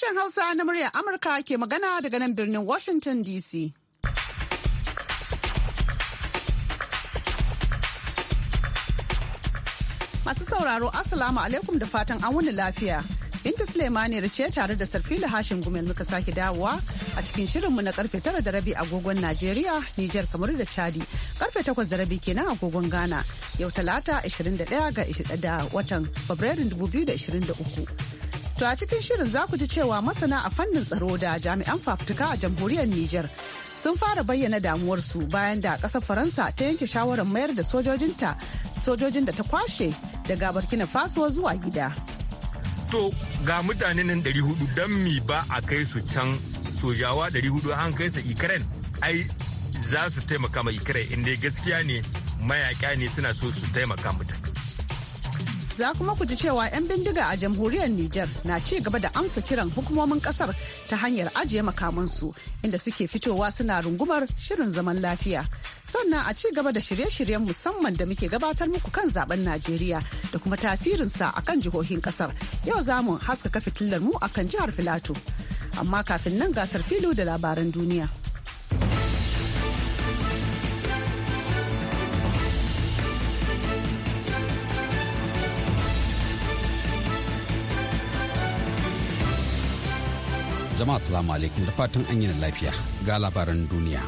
Sashen Hausa na muryar Amurka ke magana daga nan birnin Washington DC. Masu sauraro Assalamu alaikum da fatan an wani lafiya. Binta Suleimani ce tare da Sarfila Hashim Gumel muka sake dawowa a cikin shirinmu na karfe tara da rabi agogon Najeriya, Nijar kamar da Chadi, karfe takwas da rabi kenan agogon Ghana. Yau Talata 21 ga watan Fabrairun 2023. To a cikin shirin za ku ji cewa masana a fannin tsaro da jami'an fafutuka a jamhuriyar Nijar sun fara bayyana damuwarsu bayan da ƙasar Faransa ta yanke shawarar mayar da sojojinta sojojin da ta kwashe daga Burkina Faso zuwa gida. To ga mutane nan 400 don mi ba a kai su can sojawa 400 an kai su Ukraine ai za su taimaka ma Ukraine inda gaskiya ne mayaƙa ne suna so su taimaka mutane. za kuma ku ji cewa 'yan bindiga a jamhuriyar Nijar na ci gaba da amsa kiran hukumomin kasar ta hanyar ajiye makamansu inda suke fitowa suna rungumar shirin zaman lafiya. Sannan a ci gaba da shirye-shiryen musamman da muke gabatar muku kan zaben Najeriya da kuma tasirinsa a kan jihohin kasar. Yau za mu haskaka fitilar mu akan jihar Filato. Amma kafin nan gasar filo da labaran duniya. jama'a salamu alaikum da fatan an yi na lafiya ga labaran duniya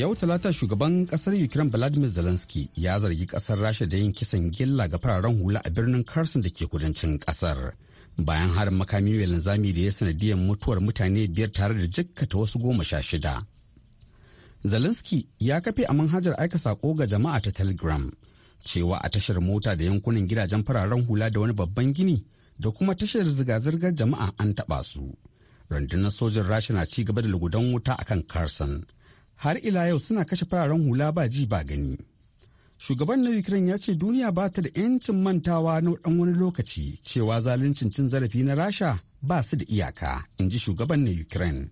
yau talata shugaban kasar ukraine vladimir zelensky ya zargi kasar rasha da yin kisan gilla ga fararen hula a birnin kherson da ke kudancin kasar bayan harin makami mai linzami da ya sanadiyar mutuwar mutane biyar tare da jikkata wasu goma sha shida zelensky ya kafe a manhajar aika sako ga jama'a ta telegram cewa a tashar mota da yankunan gidajen fararen hula da wani babban gini da kuma tashar zirga-zirgar jama'a an taɓa su. Rundunar sojin Rasha na ci gaba da lugudan wuta a kan Carson. Har ila yau suna kashe fararen hula ba ji ba gani. Shugaban na Ukraine ya ce duniya ba ta da 'yancin mantawa na ɗan wani lokaci cewa zaluncin cin zarafi na Rasha ba su da iyaka, in ji shugaban na Ukraine.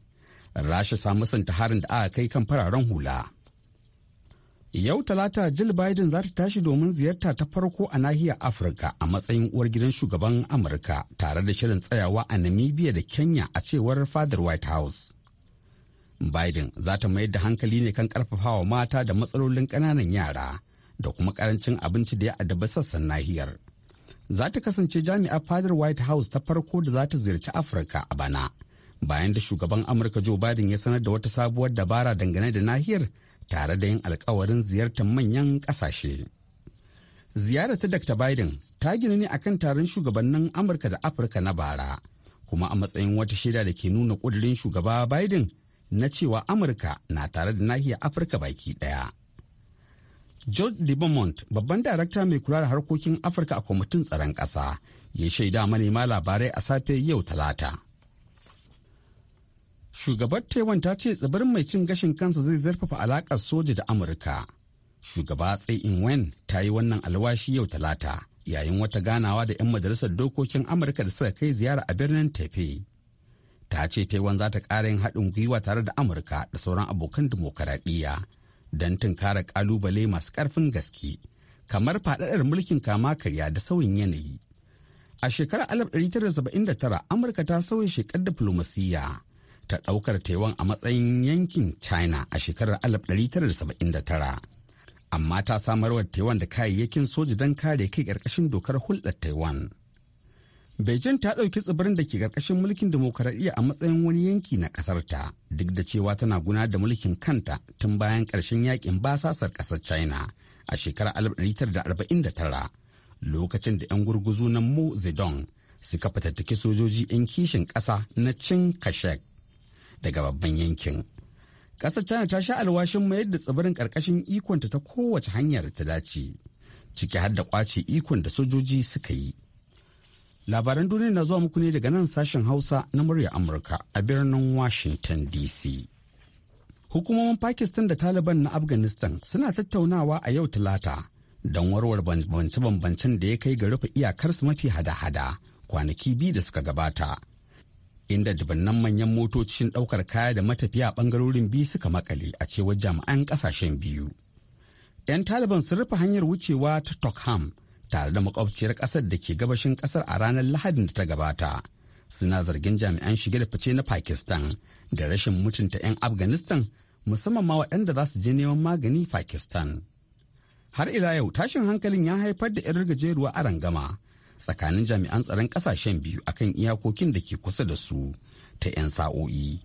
Rasha samu santa harin da aka kai kan fararen hula. Yau Talata Jill Biden za ta tashi domin ziyarta ta farko a nahiyar Afirka a matsayin uwar gidan shugaban Amurka tare da shirin tsayawa a Namibia da Kenya a cewar fadar White House. Biden za ta mayar da hankali ne kan karfafawa mata da matsalolin ƙananan yara da kuma karancin abinci da ya addaba sassan nahiyar. Za ta kasance jami'ar fadar White House ta farko da za ta ziyarci Afirka a bana. Bayan da shugaban Amurka Joe Biden ya sanar da wata sabuwar dabara dangane da nahiyar tare da yin alkawarin ziyartar manyan ƙasashe. Ziyarar ta Dr. Biden ta gina ne akan taron shugabannin Amurka da Afirka na bara, kuma a matsayin wata shaida da ke nuna ƙudurin shugaba Biden na cewa Amurka na tare da nahiyar Afirka baki ɗaya. George Libermont, babban darakta mai kula da harkokin Afirka a kwamitin tsaron ƙasa, ya shaida manema labarai a safe yau talata. Shugabar Taiwan ta ce tsibirin mai cin gashin kansa zai zarfafa alakar soja da Amurka. Shugaba Tsai in wen ta yi wannan alwashi yau talata yayin wata ganawa da 'yan majalisar dokokin Amurka da suka kai ziyara a birnin Tefe. Ta ce Taiwan za ta ƙara yin haɗin gwiwa tare da Amurka da sauran abokan dimokuraɗiyya don tunkara ƙalubale masu ƙarfin gaske kamar faɗaɗar mulkin kama karya da sauyin yanayi. A shekarar 1979 Amurka ta sauya shekar diflomasiyya ta ɗaukar taiwan a matsayin yankin china a shekarar 1979 amma ta samarwa taiwan da kayayyakin soja don kare kai ƙarƙashin dokar hulɗar taiwan Beijing ta ɗauki tsibirin da ke ƙarƙashin mulkin demokaradiyya a matsayin wani yanki na ƙasarta duk da cewa tana guna da mulkin kanta tun bayan ƙarshen yakin basasar ƙasar China a shekarar 1949 lokacin da 'yan gurguzu na Mu Zedong suka fatattaki sojoji 'yan kishin ƙasa na cin Kashek. daga babban yankin. Ƙasar China ta sha alwashin mayar da tsibirin ƙarƙashin ikonta ta kowace hanyar ta dace, ciki har da ƙwace ikon da sojoji suka yi. Labaran duniya na zuwa muku ne daga nan sashen Hausa na murya Amurka a birnin Washington DC. Hukumomin Pakistan da Taliban na Afghanistan suna tattaunawa a yau Talata don warware bambance-bambancen da ya kai ga rufe iyakarsu mafi hada-hada kwanaki biyu da suka gabata inda dubannan manyan motocin ɗaukar kaya da matafiya bangarorin biyu suka makale a cewar jami'an ƙasashen biyu. 'Yan Taliban sun rufe hanyar wucewa ta Tokham tare da makwabciyar ƙasar da ke gabashin ƙasar a ranar Lahadin da ta gabata. Suna zargin jami'an shige da fice na Pakistan da rashin mutunta 'yan Afghanistan musamman ma waɗanda za su je neman magani Pakistan. Har ila yau tashin hankalin ya haifar da 'yar gajeruwa a rangama tsakanin jami'an tsaron kasashen biyu akan iyakokin da ke kusa da su ta 'yan sa'o'i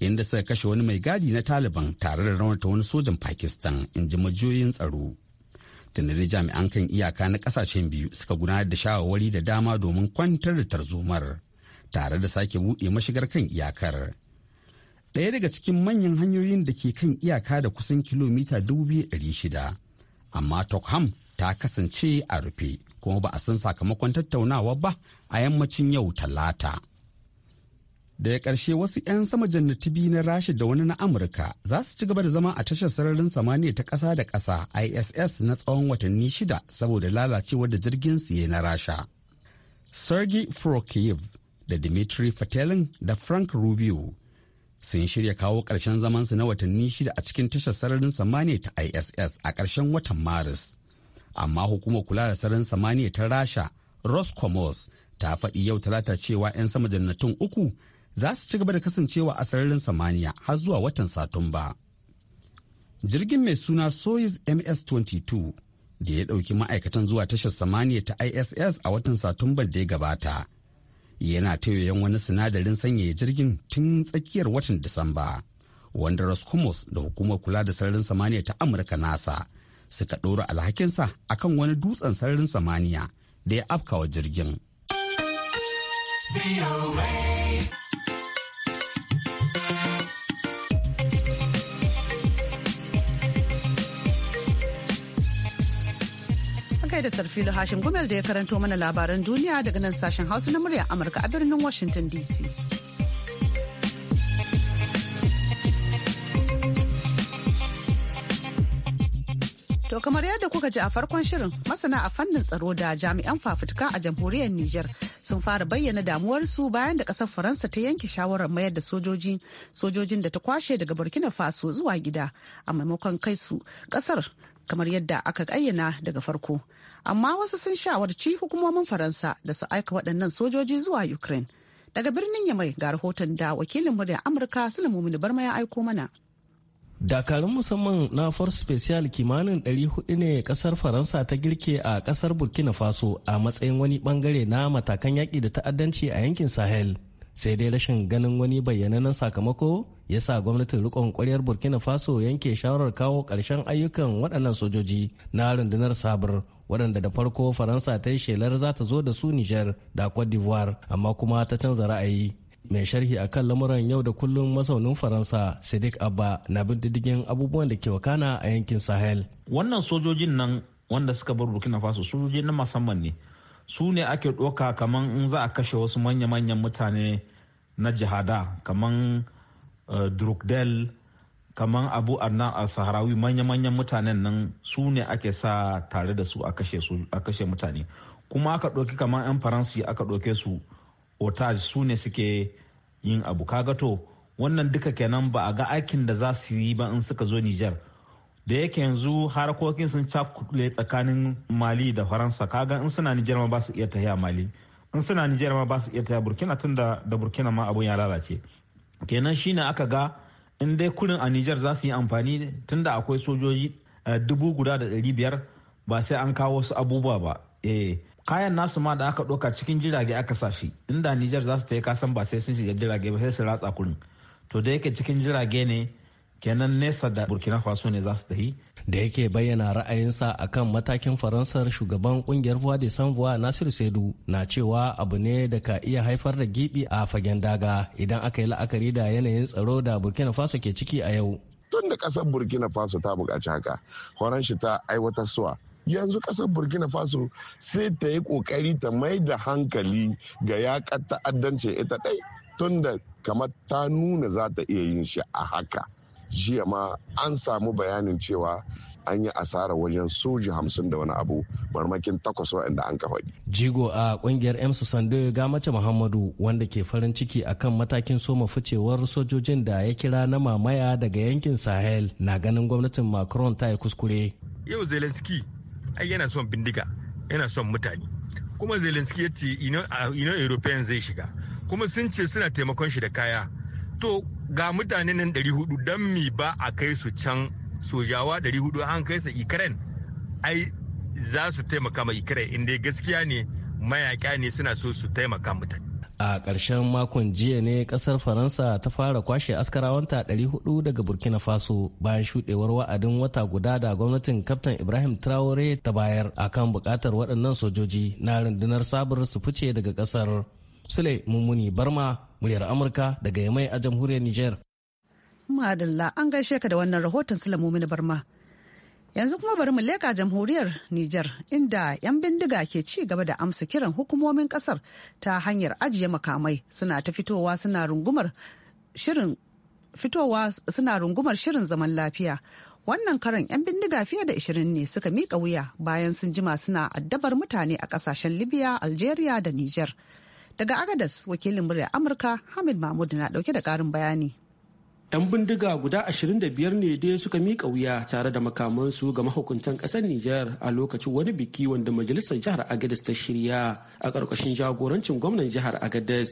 inda suka kashe wani mai gadi na taliban tare da raunata wani sojan pakistan in ji majiyoyin tsaro da jami'an kan iyaka na kasashen biyu suka gudanar da shawarwari da dama domin kwantar da tarzomar tare da sake buɗe mashigar kan iyakar ɗaya daga cikin manyan hanyoyin da ke kan iyaka da kusan kilomita 2,600 amma tokham ta kasance a rufe kuma ba a san sakamakon tattaunawa ba a yammacin yau talata. Daga ƙarshe wasu 'yan sama jannati biyu na Rasha da wani na Amurka za su ci gaba da zama a tashar sararin samaniya ta ƙasa da ƙasa ISS na tsawon watanni shida saboda lalacewar da jirgin siye na Rasha. sergey frokiev da Dmitry Fatelin da Frank Rubio sun shirya kawo ƙarshen zamansu na watanni shida a cikin tashar sararin samaniya ta ISS a ƙarshen watan Maris. amma hukumar kula da sararin samaniya ta rasha roscomos ta faɗi yau talata cewa 'yan sama jannatin uku za su ci gaba da kasancewa a sararin samaniya har zuwa watan satumba jirgin mai suna soyuz ms-22 da ya ɗauki ma'aikatan zuwa tashar samaniya ta iss a watan satumban da ya gabata yana tayoyin wani sinadarin sanyaya jirgin tun tsakiyar watan disamba wanda roscomos da hukumar kula da sararin samaniya ta amurka nasa suka ɗora alhakinsa a kan wani dutsen sararin samaniya da ya afkawa jirgin. kai da sarfilu hashim gumel da ya karanto mana labaran duniya daga nan sashen hausa na murya amurka a birnin washington dc To kamar yadda kuka ji a farkon shirin masana a fannin tsaro da jami'an fafutuka a jamhuriyar Nijar sun fara bayyana damuwar su bayan da kasar Faransa ta yanke shawarar mayar da sojoji sojojin da ta kwashe daga Burkina Faso zuwa gida a maimakon kai su kasar kamar yadda aka ayyana daga farko. Amma wasu sun shawarci hukumomin Faransa da su aika waɗannan sojoji zuwa Ukraine. Daga birnin Yamai ga rahoton da wakilin murya Amurka Sulemu Barma ya aiko mana. dakarun musamman na force special kimanin 400 ne kasar faransa ta girke a kasar burkina faso a matsayin wani bangare na matakan yaƙi da ta'addanci a yankin sahel sai dai rashin ganin wani bayyananan sakamako ya sa gwamnatin rikon kwaryar burkina faso yanke shawarar kawo ƙarshen ayyukan waɗannan sojoji na rundunar sabur waɗanda da farko faransa ta yi shelar za ta zo da su Niger da cote d'ivoire amma kuma ta canza ra'ayi mai sharhi a kan lamuran yau da kullum masaunin faransa sadiq abba na bin diddigin abubuwan da ke wakana a yankin sahel wannan sojojin nan wanda suka bar burkina faso sojoji na musamman ne su ne ake doka kamar in za a kashe wasu manya-manyan mutane na jihada kaman eh, drukdel kaman abu al saharawi manya-manyan mutanen nan su ne ake sa tare da su a kashe mutane kuma aka ɗauki kaman 'yan faransi aka ɗauke su otage su ne suke yin abu kaga to wannan duka kenan ba a ga aikin da za su yi ba in suka zo Nijar. Da yake yanzu harkokin sun cakule tsakanin Mali da Faransa kaga in suna Nijar ma ba su iya tafiya Mali. In suna Nijar ma ba su iya tafiya Burkina tun da Burkina ma abun ya lalace. Kenan shine aka ga in dai kurin a Nijar za su yi amfani tun da akwai sojoji eh, dubu guda da ɗari biyar ba sai an kawo wasu abubuwa ba. Eh kayan nasu ma da aka ɗauka cikin jirage aka safi shi inda Nijar za su ta yi kasan ba sai sun shiga jirage ba sai su ratsa kurin to da yake cikin jirage ne kenan nesa da burkina faso ne za su yi. da yake bayyana ra'ayinsa kan matakin faransar shugaban kungiyar voix de san voix nasiru saidu na cewa abu ne da ka iya haifar da gibi a fagen daga idan aka yi la'akari da yanayin tsaro da burkina faso ke ciki a yau tun da kasar burkina faso ta buƙaci haka horon shi ta aiwatar suwa yanzu kasar burkina faso sai ta yi ƙoƙari ta mai da hankali ga yaƙa ta'addanci ita ɗai tun da kamar ta nuna za ta iya yin shi a haka jiya ma an samu bayanin cewa an yi asara wajen soji hamsin da wani abu marmakin takwas waɗanda an ka faɗi. jigo a ƙungiyar m sando ga mace muhammadu wanda ke farin ciki akan matakin soma ficewar sojojin da ya kira na mamaya daga yankin sahel na ganin gwamnatin macron ta yi kuskure. yau zelenski ai yana son bindiga yana son mutane kuma zelenski ya ce ino european zai shiga kuma sun ce suna taimakon shi da kaya to ga mutane nan 400 don mi ba a kai su can sojawa 400 an kai sa Ukraine ai za su taimaka ma Ukraine inda gaskiya ne mayaƙa ne suna so su taimaka mutane. a ƙarshen makon jiya ne ƙasar faransa ta fara kwashe askarawanta 400 daga burkina faso bayan shuɗewar wa'adin wata guda da gwamnatin kaftan ibrahim traore ta bayar kan buƙatar waɗannan sojoji na rundunar sabar su fice daga ƙasar sule mummuni barma muryar amurka daga yamai a jamhuriyar niger Madalla an gaishe ka da wannan rahoton mini Barma. Yanzu kuma bari mu leƙa jamhuriyar Nijar inda 'yan bindiga ke ci gaba da amsa kiran hukumomin kasar ta hanyar ajiye makamai suna ta fitowa suna rungumar shirin fitowa suna rungumar shirin zaman lafiya. Wannan karan 'yan bindiga fiye da 20 ne suka miƙa wuya bayan sun jima suna addabar mutane a ƙasashen Libya, Algeria da Nijar. Daga Agadas, wakilin murya Amurka Hamid Mahmud na ɗauke da ƙarin bayani. 'yan bindiga guda 25 ne dai suka miƙa wuya tare da makamansu ga mahukuntan ƙasar Nijar a lokacin wani biki wanda majalisar jihar Agadez ta shirya a ƙarƙashin jagorancin gwamnan jihar Agadez.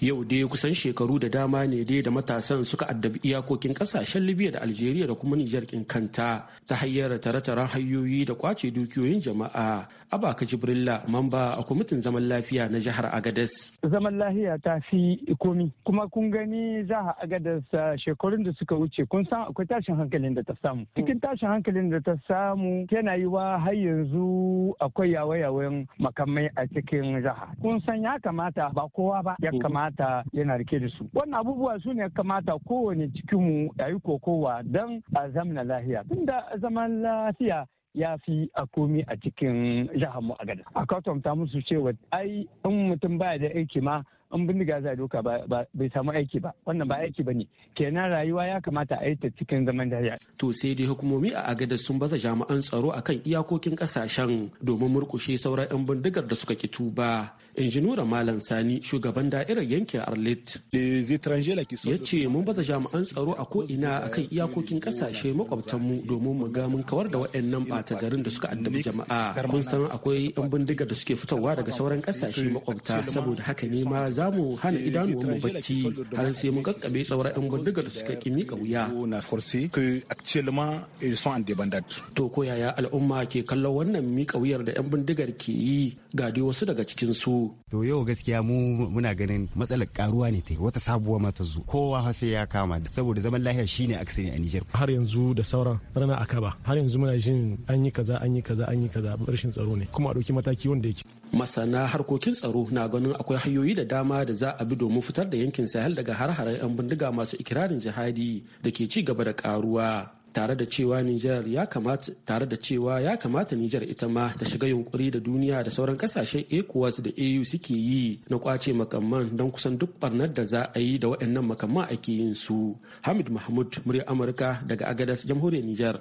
yau dai kusan shekaru da dama ne dai da matasan suka addabi iyakokin kasashen libya da algeria da kuma nijar kin kanta ta hanyar tare-taren hanyoyi da kwace dukiyoyin jama'a abaka jibrilla mamba a kwamitin zaman lafiya na jihar agadas zaman lafiya ta fi komi kuma kun gani a agadas shekarun da suka wuce kun san akwai tashin hankalin da ta samu cikin tashin hankalin da ta samu yana yi wa har yanzu akwai yawayawan makamai a cikin jihar kun san ya kamata ba kowa ba ya mm-hmm. kamata kamata yana rike da su wannan abubuwa su ne kamata kowane cikinmu ya yi kokowa don a zamana lahiya tunda zaman lafiya ya fi a komi a cikin jihar mu a gada a kwatanta musu cewa ai in mutum baya da aiki ma in bindiga za doka bai samu aiki ba wannan ba aiki ba ne kenan rayuwa ya kamata a yi ta cikin zaman dariya. to sai dai hukumomi a agada sun baza jami'an tsaro akan iyakokin kasashen domin murkushe sauran 'yan bindigar da suka ki tuba injinura malam sani shugaban da'irar yankin arlit ya ce mun baza jami'an tsaro a ko'ina a kan iyakokin kasashe makwabtanmu domin mu ga mun kawar da waɗannan ɓata garin da suka addabi jama'a kun san akwai 'yan bindigar da suke fitowa daga sauran kasashe makwabta saboda haka ne ma za za mu hana mu bacci har sai mun kakkabe saura 'yan bindigar da suka ki ka euh, wuya. To ko yaya al'umma ke kallon wannan mika wuyar da 'yan bindigar ke yi ga dai wasu daga cikin su. To yau gaskiya mu muna ganin matsalar karuwa ne ta wata sabuwa ma ta zo kowa sai ya kama saboda zaman lahiya shine aksari a Nijar. Har yanzu da sauran rana akaba har yanzu muna jin an yi kaza an yi kaza an yi kaza rashin tsaro ne kuma a ɗauki mataki wanda yake. masana harkokin tsaro na ganin akwai hanyoyi da dama da za a bi domin fitar da yankin sahel daga har-haren 'yan bindiga masu ikirarin jihadi da ke ci gaba da karuwa tare da cewa Nijar ya kamata tare da cewa ya kamata Nijar ita ma ta shiga yunkuri da duniya da sauran kasashen ECOWAS da AU suke yi na kwace makamman don kusan duk barnar da za a yi da waɗannan makamman ake yin su. Hamid Mahmud murya Amurka daga Agadas Jamhuriyar Nijar.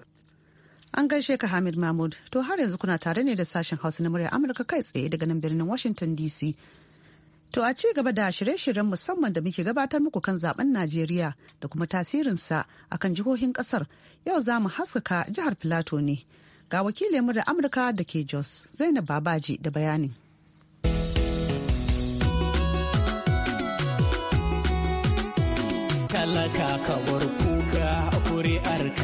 An gaishe ka Hamid Mahmud. To har yanzu kuna tare ne da sashen Hausa na murya Amurka kai tsaye daga nan birnin Washington DC. To a ci gaba da shirye-shiryen musamman da muke gabatar muku kan zaben Najeriya da kuma tasirinsa a kan jihohin kasar yau za mu haskaka jihar Filato ne. Ga wakilin murya Amurka da ke Jos Zainab Babaji da bayanin. Talaka kawar kuka, kuri'ar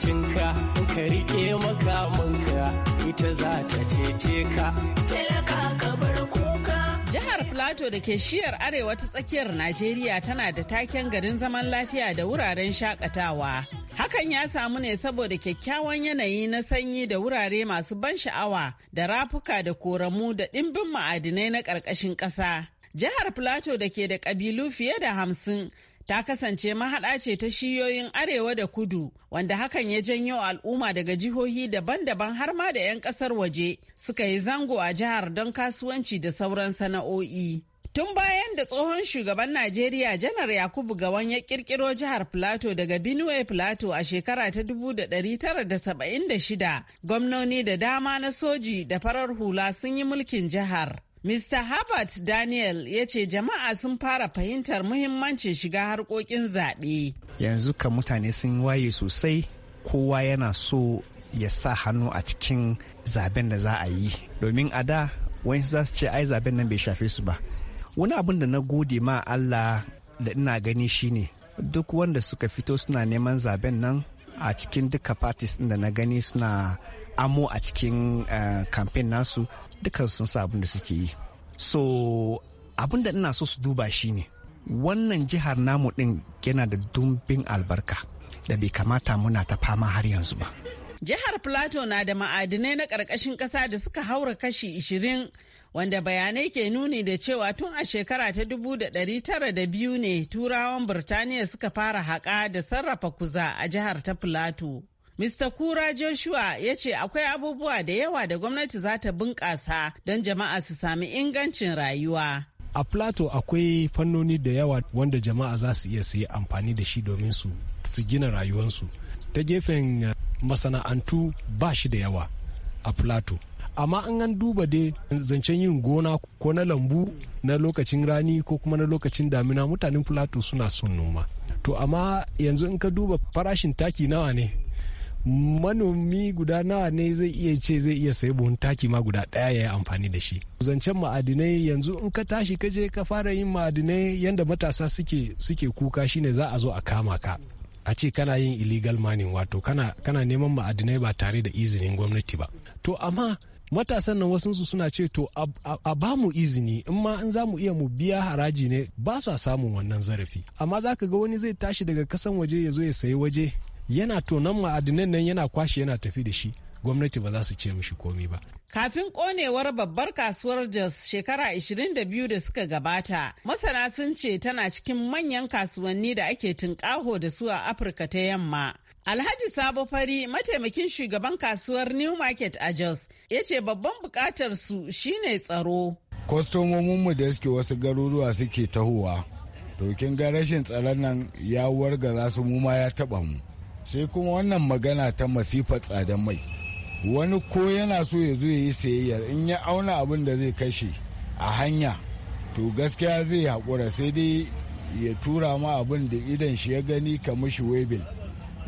cinka. ka riƙe makamanka ita za ta cece ka. Talaka ka bar kuka. Jihar Plateau da ke shiyar arewa ta tsakiyar Najeriya tana da taken garin zaman lafiya da wuraren shakatawa. Hakan ya samu ne saboda kyakkyawan yanayi na sanyi da wurare masu ban sha'awa da rafuka da koramu da ɗimbin ma'adinai na ƙarƙashin ƙasa. Jihar Plateau da ke da ƙabilu fiye da hamsin ta kasance mahaɗa ce ta shiyoyin arewa da kudu wanda hakan ya janyo al'umma daga jihohi daban-daban har ma da 'yan ƙasar waje suka yi zango a jihar don kasuwanci da sauran sana'o'i. Tun bayan da tsohon shugaban Najeriya Janar Yakubu Gawan ya kirkiro jihar Plateau daga Benue plato a shekara ta 1976, gwamnoni da dama na soji da farar hula sun yi mulkin jihar. Mr. Herbert Daniel ya ce jama'a sun fara fahimtar muhimmancin shiga harkokin zaɓe. Yanzu kan mutane sun waye sosai kowa yana so ya sa hannu a cikin zaben da za a yi. Domin a da wani za su ce ai zaben nan bai shafe su ba. Wani abin da na gode ma Allah da ina gani shine duk wanda suka fito suna neman zaben nan a cikin duka parties da na gani suna amo a cikin kamfen eh, nasu dukkan sun sa abin da suke yi so abin da ina so su duba shi ne wannan jihar namu din yana da dumbin albarka da bai kamata muna ta fama har yanzu ba jihar plateau na da ma'adinai na ƙarƙashin ƙasa da suka haura kashi 20 wanda bayanai ke nuni da cewa tun a shekara ta biyu ne turawan Birtaniya suka fara haƙa da sarrafa kuza a jihar ta plateau. Mr. Kura Joshua ya ce akwai abubuwa da yawa da gwamnati za ta bunƙasa don jama'a su sami ingancin rayuwa. A Plato akwai fannoni da yawa wanda jama'a za su iya su yi amfani da shi domin su gina rayuwarsu. Ta gefen eh, masana'antu ba shi da yawa a Plato. Amma an an duba dai zancen yin gona ko na lambu na lokacin rani ko kuma na lokacin damina mutanen Plato suna son noma. To amma yanzu in ka duba farashin taki nawa ne manomi guda nawa ne zai iya ce zai iya sayi buhun taki ma guda ɗaya ya yi amfani da shi zancen ma'adinai yanzu in ka tashi ka je ka fara yin ma'adinai yanda matasa suke suke kuka shine za a zo a kama ka a ce kana yin illegal mining wato kana kana neman ma'adinai ba tare da izinin gwamnati ba to amma matasan nan wasu suna ce to a ba mu izini in ma in za mu iya mu biya haraji ne ba su samun wannan zarafi amma za ka ga wani zai tashi daga kasan waje ya zo ya sayi waje yana tonon ma'adinan nan yana kwashe yana tafi da shi gwamnati ba za su ce mishi komi ba. Kafin konewar babbar kasuwar Jos shekara 22 da suka gabata, masana sun ce tana cikin manyan kasuwanni da ake tunƙaho da su a Afirka ta yamma. Alhaji Sabo Fari, mataimakin shugaban kasuwar New Market a Jos, ya ce babban bukatar su shine tsaro. Kwastomominmu da suke wasu garuruwa suke tahowa, to kin ga rashin tsaron nan ya warga za su mu ma ya taɓa mu. sai kuma wannan magana ta masifa tsadan mai wani ko yana so ya zo ya yi sayayyar in ya auna abin da zai kashe a hanya to gaskiya zai haƙura sai dai ya tura ma abin da idan shi ya gani ka mishi webel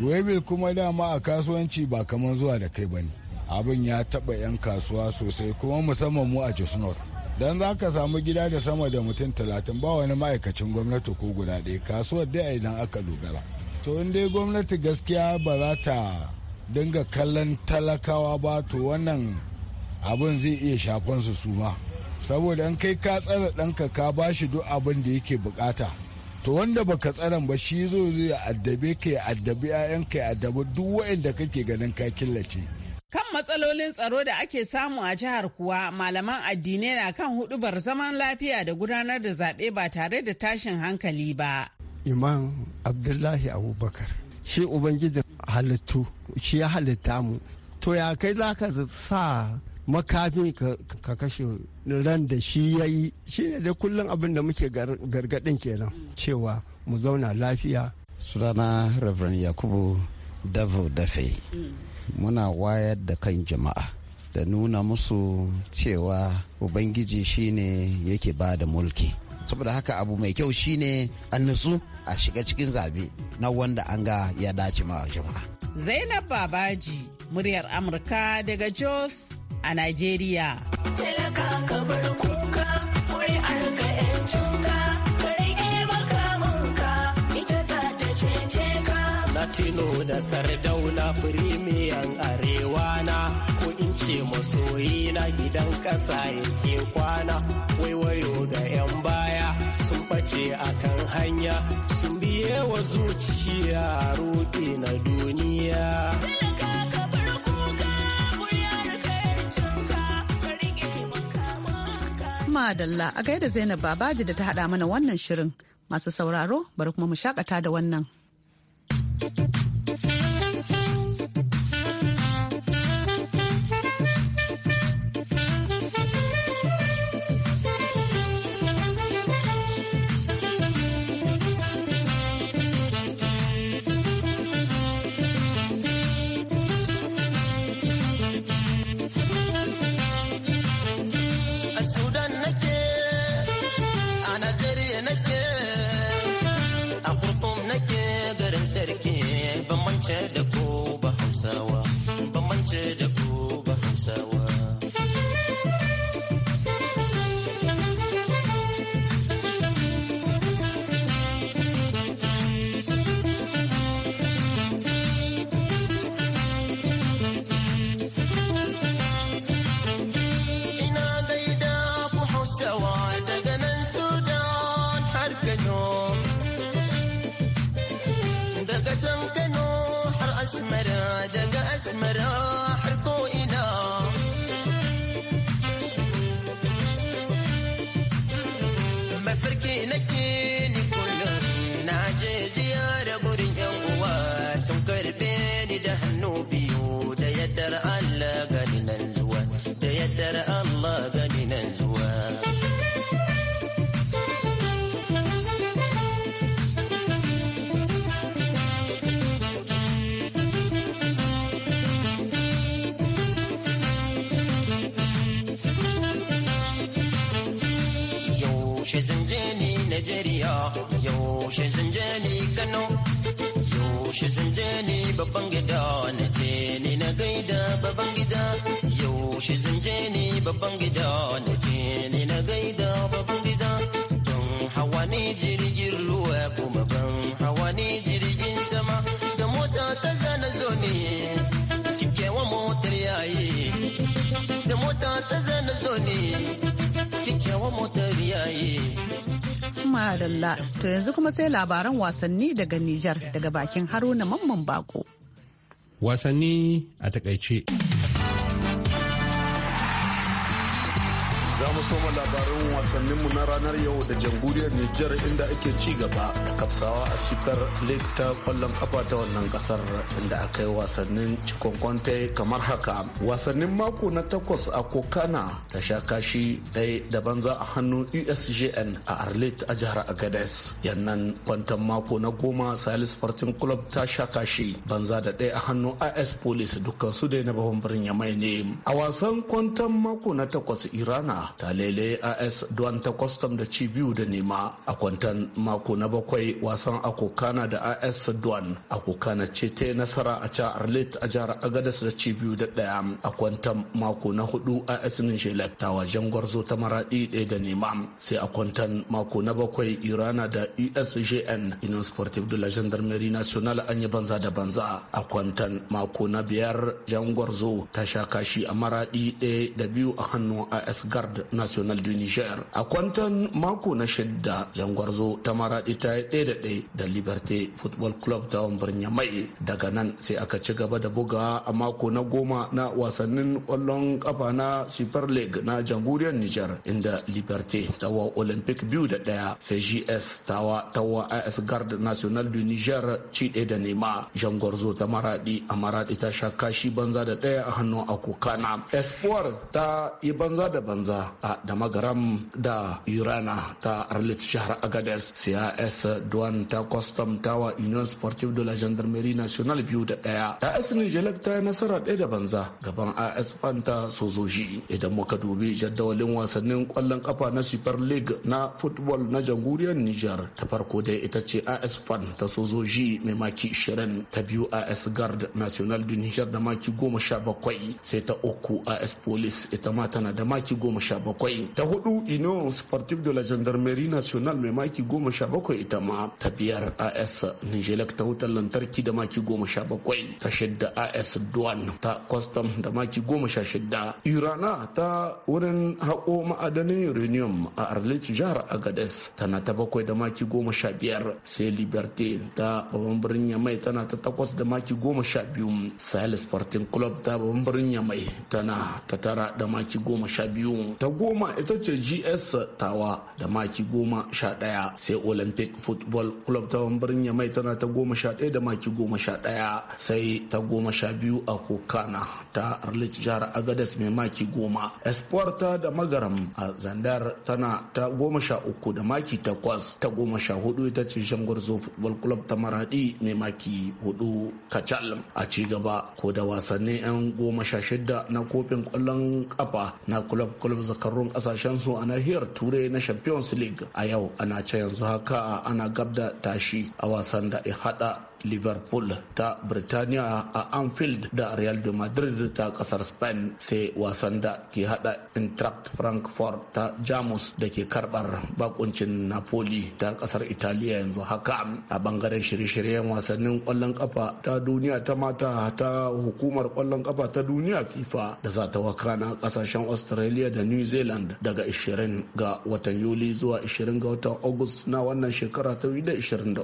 webel kuma dama a kasuwanci ba kamar zuwa da kai ba ne abin ya taɓa 'yan kasuwa sosai kuma musamman mu a jos north don za ka samu gida da sama da mutum talatin ba wani ma'aikacin gwamnati ko guda ɗaya kasuwar dai idan aka dogara to in dai gwamnati gaskiya ba za ta dinga kallon talakawa ba to wannan abin zai iya shafansu su ma saboda in kai ka tsara ɗanka ka ba shi duk abin da yake bukata to wanda baka tsara ba shi zo zai addabe ka ya addabi 'ya'yanka ya addabi duk waɗanda kake ganin ka killace kan matsalolin tsaro da ake samu a jihar kuwa malaman addinai na kan hudubar zaman lafiya da gudanar da zaɓe ba tare da tashin hankali ba Iman abdullahi abubakar shi ubangijin halittu shi ya halitta mu to ya kai za ka sa makafi ka kashe ran da shi ya yi shi ne da kullum abin da muke gargadin kenan cewa mu zauna lafiya sunana reverend yakubu davo dafe muna wayar da kan jama'a da nuna musu cewa ubangiji shine yake ba da mulki saboda haka abu mai kyau shine a nutsu a shiga cikin zabe na wanda an ga ya dace ma jama'a zainab babaji muryar amurka daga jos a nigeria Latino da Sardauna firimiyan arewa na ko in ce masoyi na gidan ƙasa yake kwana waiwayo ga 'yan baya. sun ɓace a kan hanya sun biye wa zuciya roƙe na duniya Madalla a gaida Zainab Babaji da ta haɗa mana wannan shirin masu sauraro bari kuma mu shakata da wannan. yaushe zan je ni kano yaushe zan je ni babban gida na je ni na gaida babban gida yaushe zan je ni babban gida na je ni na gaida babban gida don hawa ni jirgin ruwa kuma ban hawa ni jirgin sama da mota ta zana zo ni kikewa motar yayi da mota ta zana zo ne kikewa motar yayi madalla To yanzu kuma sai labaran wasanni daga Nijar daga bakin Haruna Mamman Bako. Wasanni a takaice. Za mu soma labarin wasanninmu na ranar yau da jamhuriyar Nijar inda ake ci gaba kafsawa a shikar Lake ta kwallon kafa ta wannan kasar inda aka yi wasannin cikonkwante kamar haka. Wasannin mako na takwas a Kokana ta sha kashi ɗaya da banza a hannun USGN a Arlit a jihar Agades. Yannan kwantan mako na goma Salis Sporting Club ta sha kashi banza da ɗaya a hannun IS Police dukkan su dai na babban birnin Yamai ne. A wasan kwantan mako na takwas Irana ta lele as don ta kwastam da ci biyu da nema a kwantan mako na bakwai wasan akokana da as don akokana ce ta nasara a ca arlet a jihar agadas da ci biyu da daya a kwantan mako na hudu as nishelek ta wajen gwarzo ta maradi ɗaya da nema sai a kwantan mako na bakwai irana da esjn union sportive de la gendarmerie nationale an yi banza da banza a kwantan mako na biyar gwarzo ta sha kashi a maradi ɗaya da biyu a hannun as guard national du niger a kwantan mako na shidda jangwarzo ta maraɗi ta yi ɗaya da ɗaya da liberté football club ta birnin mai daga nan sai aka ci gaba da buga a mako na goma na wasannin ƙwallon kafa na super league na jamhuriyar niger inda liberté tawa olympic biyu da ɗaya sai gs tawa tawa is guard national du niger ci ɗaya da nema jangwarzo ta maraɗi a maraɗi ta sha kashi banza da ɗaya a hannun akokana espoir ta yi banza da banza a damagaram da urana ta arlit jihar agades S. duwan ta custom tawa union sportive de la gendarmerie nationale biyu da daya as nijelek ta yi nasara ɗaya da banza gaban as fanta Sozoji. idan muka dubi jadawalin wasannin kwallon kafa na super league na football na jamhuriyar niger ta farko dai ita ce as fan ta Sozoji. mai maki 20 ta biyu as guard national du niger da maki 17 sai ta uku as police ita ma tana da maki 17 17 ta hudu union sportive de la gendarmerie nationale mai maki 17 ita ma ta biyar as nigelec ta wutar lantarki da maki 17 ta shidda as duwan ta custom da maki 16 irana ta wurin haƙo ma'adanin uranium a arlit jihar agades tana ta bakwai da maki 15 sai liberté ta babban birnin yamai tana ta takwas da maki 12 sahel sporting club ta babban birnin yamai tana ta tara da maki 12 ta goma ita ce gs tawa da maki goma sha daya sai olympic football club ta birnin mai tana ta goma sha daya da maki goma sha daya sai ta goma sha biyu a kokana ta arlit jihar agadas mai maki goma espoir da magaram a zandar tana ta goma sha uku da maki takwas ta goma sha hudu ita ce shangwarzo football club ta maradi mai maki hudu kacal a ci gaba ko da wasanni yan goma sha shida na kofin kwallon kafa na club club zakarun kasashen su a nahiyar turai na champions league a yau ana ce yanzu haka ana gab da tashi a wasan da ya hada liverpool ta birtaniya a anfield da real de madrid ta kasar spain sai wasan da ke hada intract frankfurt ta jamus da ke karbar bakuncin napoli ta kasar italiya yanzu haka a bangaren shirye-shiryen wasannin kwallon kafa ta duniya ta mata ta hukumar kwallon kafa ta duniya fifa da za ta wakana kasashen australia da new zealand daga 20 ga watan yuli zuwa 20 ga watan august na wannan shekara ta 2023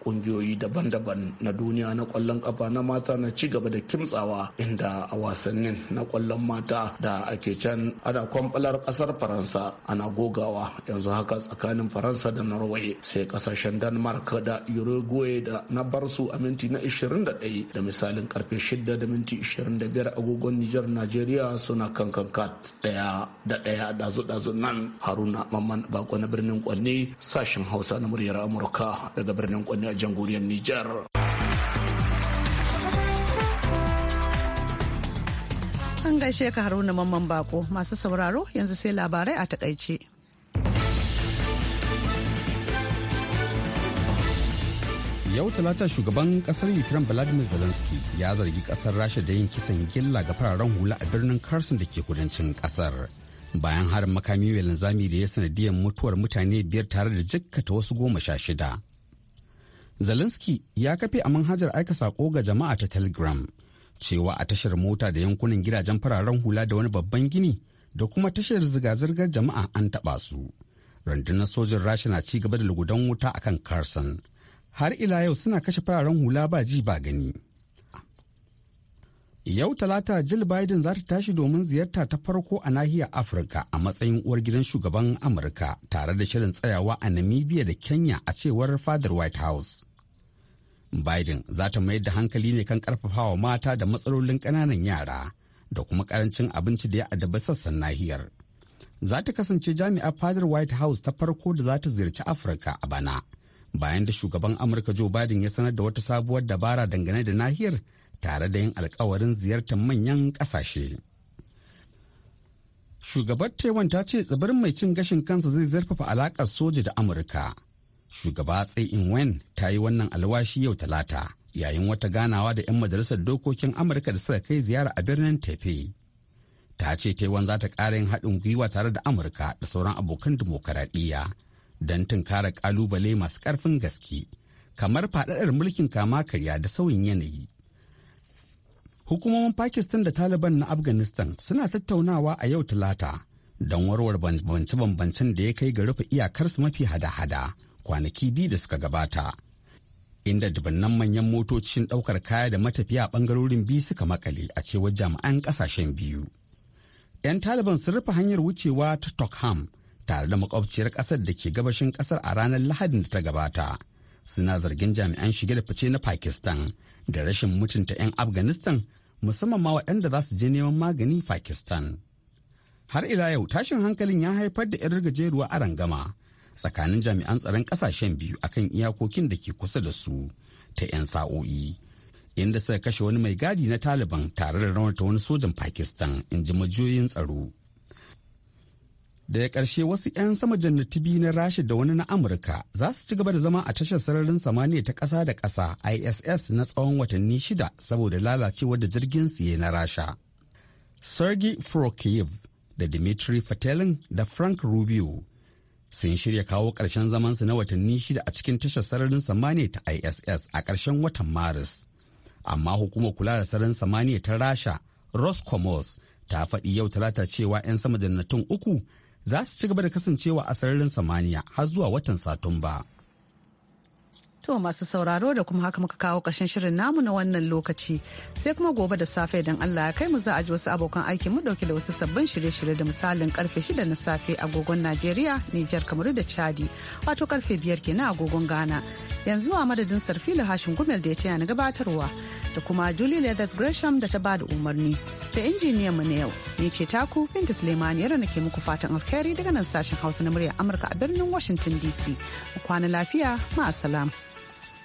kungiyoyi daban-daban na duniya na kwallon kafa na mata na ci gaba da kimtsawa inda a wasannin na kwallon mata da ake can ana kwamfalar kasar faransa ana gogawa yanzu haka tsakanin faransa da norway sai kasashen Danmark da uruguay da na bar su a minti na 21 da misalin karfe 6 da minti 25 agogon nijar nigeria suna kan kankat daya da daya dazu-dazu nan haruna mamman bako na birnin kwanne sashen hausa na muryar amurka daga birnin kwanne a jamhuriyar nijar gaishe ka haruna mamman bako masu sauraro yanzu sai labarai a takaice. Yau talata shugaban kasar Ukraine Vladimir Zelensky ya zargi kasar Rasha da yin kisan gilla ga fararen hula a birnin kharson da ke kudancin kasar. Bayan harin makami mai linzami da ya sanadiyar mutuwar mutane biyar tare da jikkata wasu goma sha shida. Zelensky ya kafe a manhajar aika sako ga jama'a ta Telegram. cewa a tashar mota da yankunan gidajen fararen hula da wani babban gini da kuma tashar zirga-zirgar jama'a an taɓa su. Rundunar sojin Rasha na ci gaba da lugudan wuta akan Carson. Har ila yau suna kashe fararen hula ba ji ba gani. Yau Talata Jill Biden za ta tashi domin ziyarta ta farko a nahiyar Afirka a matsayin uwar gidan shugaban Amurka tare da shirin tsayawa a Namibia da Kenya a cewar fadar White House. Biden za ta mayar da hankali ne kan karfafawa mata da matsalolin ƙananan yara da kuma ƙarancin abinci da ya adaba sassan nahiyar. Za ta kasance jami'ar fadar White House ta farko da za ta ziyarci Afirka a bana. Bayan da shugaban Amurka Joe Biden ya sanar da wata sabuwar dabara dangane da nahiyar tare da yin alkawarin ziyartar manyan ƙasashe. Shugabar Taiwan ta ce tsibirin mai cin gashin kansa zai zarfafa alaƙar soja da Amurka. shugaba tsai in wen ta yi wannan alwashi yau talata yayin wata ganawa da 'yan majalisar dokokin amurka da suka kai ziyara a birnin tefe ta ce taiwan za ta ƙara yin haɗin gwiwa tare da amurka da sauran abokan dimokuraɗiyya don tunkara ƙalubale masu ƙarfin gaske kamar faɗaɗar mulkin kama karya da sauyin yanayi hukumomin pakistan da taliban na afghanistan suna tattaunawa a yau talata don warware bambance-bambancen da ya kai ga rufe iyakarsu mafi hada-hada kwanaki biyu da suka gabata inda dubannan manyan motocin ɗaukar kaya da matafiya a ɓangarorin biyu suka makale a cewar jami'an ƙasashen biyu 'yan taliban sun rufe hanyar wucewa ta tokham tare da makwabciyar ƙasar da ke gabashin ƙasar a ranar lahadin da ta gabata suna zargin jami'an shige da fice na pakistan da rashin mutunta 'yan afghanistan musamman ma waɗanda za su je neman magani pakistan har ila yau tashin hankalin ya haifar da 'yan gajeruwa a rangama tsakanin jami'an tsaron kasashen biyu akan iyakokin da ke kusa da su ta 'yan sa'o'i inda suka kashe wani mai gadi na taliban tare da ta wani sojan pakistan in ji majiyoyin tsaro daga ƙarshe wasu 'yan sama jannati biyu na rasha da wani na amurka za su ci gaba da zama a tashar sararin samaniya ta ƙasa da ƙasa iss na tsawon watanni shida saboda lalacewar da jirgin siye na rasha sergey frokiev da dimitri fatelin da frank rubio sun shirya kawo ƙarshen zamansu na watanni shida a cikin tashar sararin samaniya ta iss a ƙarshen watan maris amma hukumar kula da sararin samaniya ta rasha roscomos ta faɗi yau talata cewa 'yan sama jannatin uku za su ci gaba da kasancewa a sararin samaniya har zuwa watan satumba. To masu sauraro da kuma haka muka kawo ƙarshen shirin namu na wannan lokaci sai kuma gobe da safe don Allah ya kai mu za a ji wasu abokan aiki mu dauke da wasu sabbin shirye-shirye da misalin karfe 6 na safe agogon Najeriya, Nijar, Kamaru da Chadi wato karfe 5 kenan agogon Ghana. Yanzu a madadin Sarfila Hashin Gumel da ya taya na gabatarwa da kuma Julie Leathers Gresham da ta bada umarni da injiniyan mu na yau ni ce taku Binta Suleimani yara ke muku fatan alkhairi daga nan sashen Hausa na muryar Amurka a birnin Washington DC. Kwana lafiya, ma'a salam.